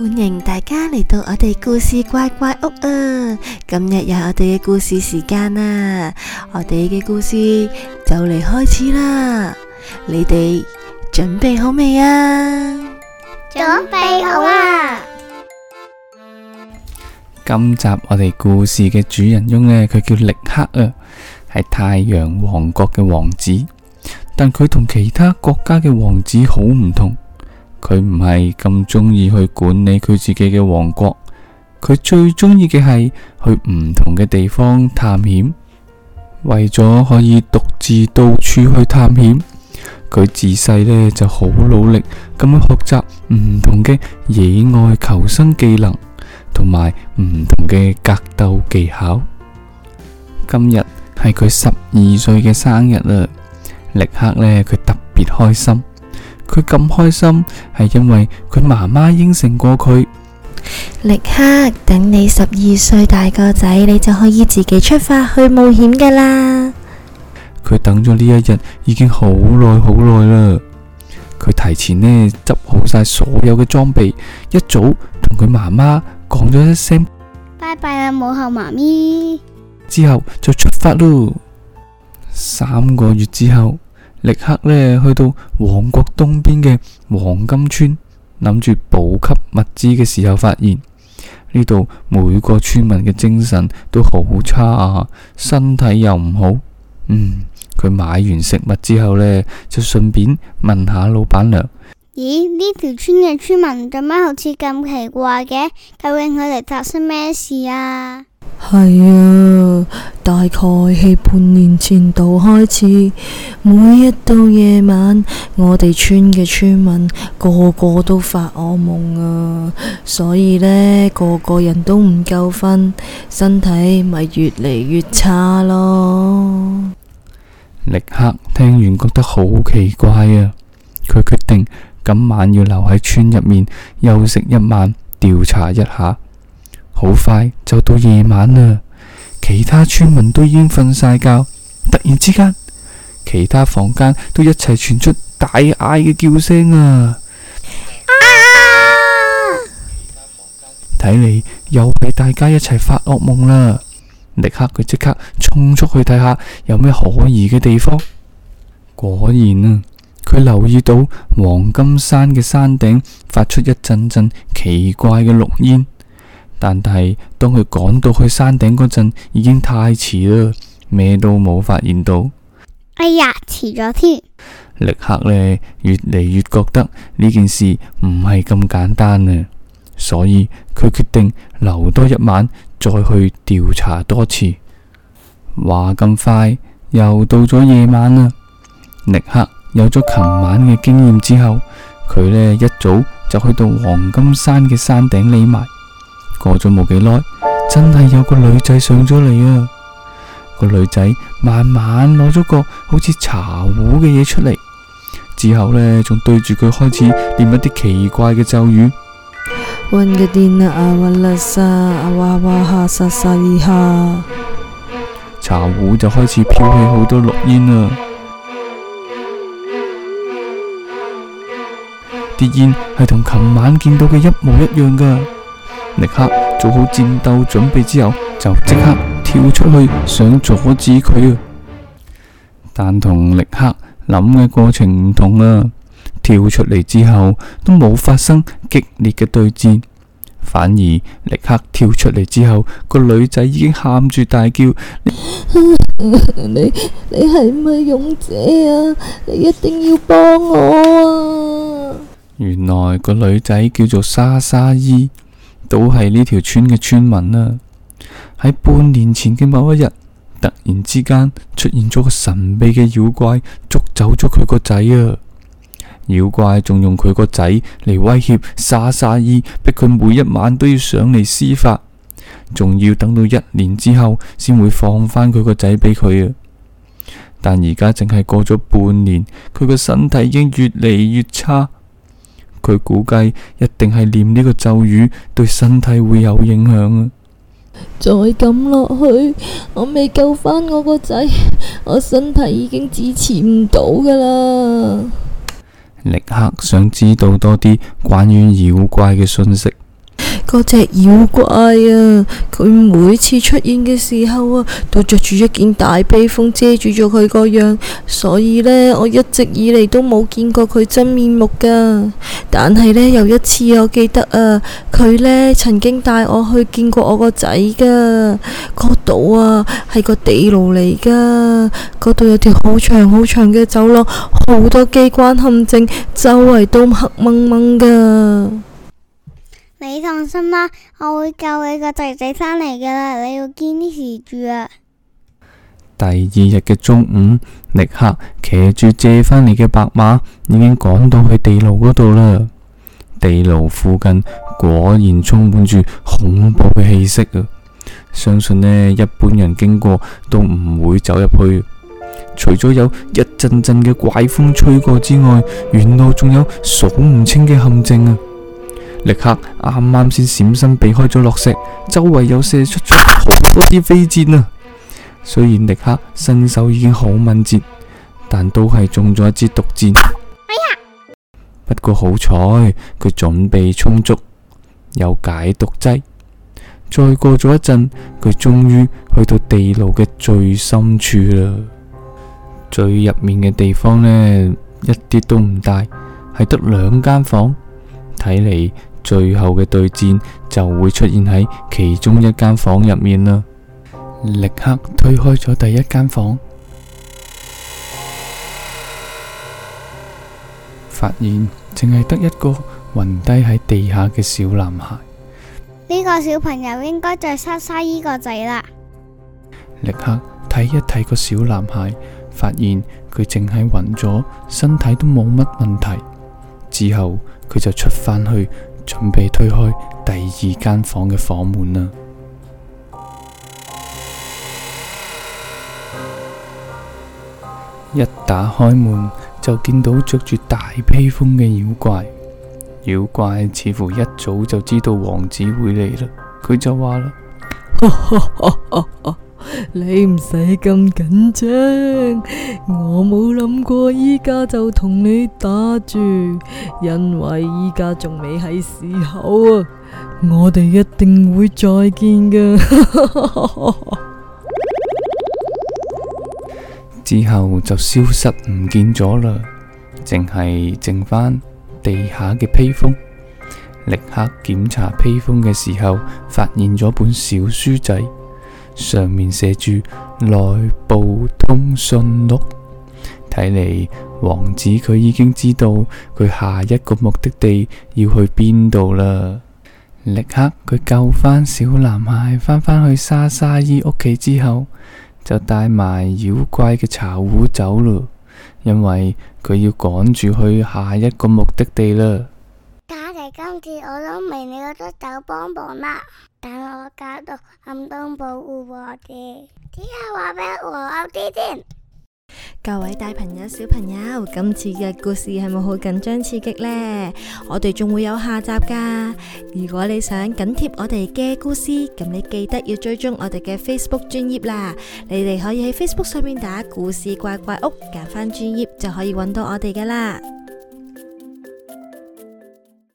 歡迎大家嚟到我哋故事怪怪屋啊！今日有我哋嘅故事時間啊，我哋嘅故事就嚟開始啦，你哋準備好未啊？準備好啦！今集我哋故事嘅主人翁呢，佢叫歷克啊，係太陽王國嘅王子，但佢同其他國家嘅王子好唔同。佢唔係咁中意去管理佢自己嘅王國，佢最中意嘅係去唔同嘅地方探險。為咗可以獨自到處去探險，佢自細呢就好努力咁樣學習唔同嘅野外求生技能同埋唔同嘅格鬥技巧。今日係佢十二歲嘅生日啊！歷克呢，佢特別開心。佢咁開心係因為佢媽媽應承過佢，歷克，等你十二歲大個仔，你就可以自己出發去冒險噶啦。佢等咗呢一日已經好耐好耐啦。佢提前呢執好晒所有嘅裝備，一早同佢媽媽講咗一聲拜拜啦，bye bye, 母後媽咪。之後就出發咯。三個月之後。歷克呢，去到王國東邊嘅黃金村，諗住補給物資嘅時候，發現呢度每個村民嘅精神都好差啊，身體又唔好。嗯，佢買完食物之後呢，就順便問下老闆娘：咦，呢條村嘅村民做乜好似咁奇怪嘅？究竟佢哋發生咩事啊？係啊，大概係半年前度開始，每一到夜晚，我哋村嘅村民個個都發噩夢啊，所以呢，個個人都唔夠瞓，身體咪越嚟越差咯。歷克聽完覺得好奇怪啊，佢決定今晚要留喺村入面休息一晚，調查一下。好快就到夜晚啦，其他村民都已經瞓晒覺。突然之間，其他房間都一齊傳出大嗌嘅叫聲啊！啊！睇嚟，又俾大家一齊發惡夢啦。歷克佢即刻衝出去睇下有咩可疑嘅地方。果然啊，佢留意到黃金山嘅山頂發出一陣陣奇怪嘅綠煙。但係，當佢趕到去山頂嗰陣，已經太遲啦，咩都冇發現到。哎呀，遲咗添！歷克呢，越嚟越覺得呢件事唔係咁簡單啊，所以佢決定留多一晚再去調查多次。話咁快又到咗夜晚啦，歷克有咗琴晚嘅經驗之後，佢呢，一早就去到黃金山嘅山頂匿埋。過咗冇幾耐，真係有個女仔上咗嚟啊！個女仔慢慢攞咗個好似茶壺嘅嘢出嚟，之後呢，仲對住佢開始念一啲奇怪嘅咒語：「溫嘅電啊，溫嘞晒啊，哇哇下晒晒。」茶壺就開始飄起好多綠煙啊。啲煙係同琴晚見到嘅一模一樣噶。力克做好戰鬥準備之後，就即刻跳出去想阻止佢。但同力克諗嘅過程唔同啦，啊，跳出嚟之後都冇發生激烈嘅對戰，反而力克跳出嚟之後，個女仔已經喊住大叫： 你你係咪勇者啊？你一定要幫我啊！原來個女仔叫做莎莎伊。都係呢條村嘅村民啦、啊。喺半年前嘅某一日，突然之間出現咗個神秘嘅妖怪，捉走咗佢個仔啊！妖怪仲用佢個仔嚟威脅沙沙姨，逼佢每一晚都要上嚟施法，仲要等到一年之後先會放返佢個仔俾佢啊！但而家淨係過咗半年，佢個身體已經越嚟越差。佢估計一定係念呢個咒語對身體會有影響啊！再咁落去，我未救返我個仔，我身體已經支持唔到噶啦！歷克想知道多啲關於妖怪嘅信息。嗰隻妖怪啊，佢每次出現嘅時候啊，都着住一件大披風遮住咗佢個樣，所以呢，我一直以嚟都冇見過佢真面目噶。但係呢，又一次我記得啊，佢呢曾經帶我去見過我個仔噶，嗰度啊係個地牢嚟噶，嗰度有條好長好長嘅走廊，好多機關陷阱，周圍都黑掹掹噶。你放心啦，我會救你個仔仔返嚟㗎啦，你要堅持住啊。第二日嘅中午，歷克騎住借返嚟嘅白馬，已經趕到去地牢嗰度啦。地牢附近果然充滿住恐怖嘅氣息啊！相信呢一般人經過都唔會走入去，除咗有一陣陣嘅怪風吹過之外，沿路仲有數唔清嘅陷阱啊！歷克啱啱先閃身避開咗落石，周圍有射出咗好多啲飛箭啊！雖然歷克身手已經好敏捷，但都係中咗一支毒箭。哎呀！不過好彩，佢準備充足，有解毒劑。再過咗一陣，佢終於去到地牢嘅最深處啦。最入面嘅地方呢，一啲都唔大，係得兩間房，睇嚟。最後嘅對戰就會出現喺其中一間房入面啦。歷克推開咗第一間房，發現淨係得一個暈低喺地下嘅小男孩。呢個小朋友應該再殺殺依個仔啦。歷克睇一睇個小男孩，發現佢淨係暈咗，身體都冇乜問題。之後佢就出返去。準備推開第二間房嘅房門啦！一打開門，就見到着住大披風嘅妖怪，妖怪似乎一早就知道王子會嚟啦，佢就話啦。Oh, oh, oh, oh. 你唔使咁緊張，我冇諗過依家就同你打住，因為依家仲未係時候啊！我哋一定會再見噶。 之後就消失唔見咗啦，淨係剩返地下嘅披風。歷克檢查披風嘅時候，發現咗本小書仔。上面寫住內部通訊錄，睇嚟，王子佢已經知道佢下一個目的地要去邊度啦。歷克佢救返小男孩，返返去莎莎姨屋企之後，就帶埋妖怪嘅茶壺走啦，因為佢要趕住去下一個目的地啦。打嚟今次我都未幫忙，你出手幫忙啦。等我搞到暗中保護我哋，聽下話俾我啱啲先。各位大朋友、小朋友，今次嘅故事係咪好緊張刺激呢？我哋仲會有下集噶。如果你想緊貼我哋嘅故事，咁你記得要追蹤我哋嘅 Facebook 專頁啦。你哋可以喺 Facebook 上面打故事怪怪屋，揀返專頁就可以揾到我哋噶啦。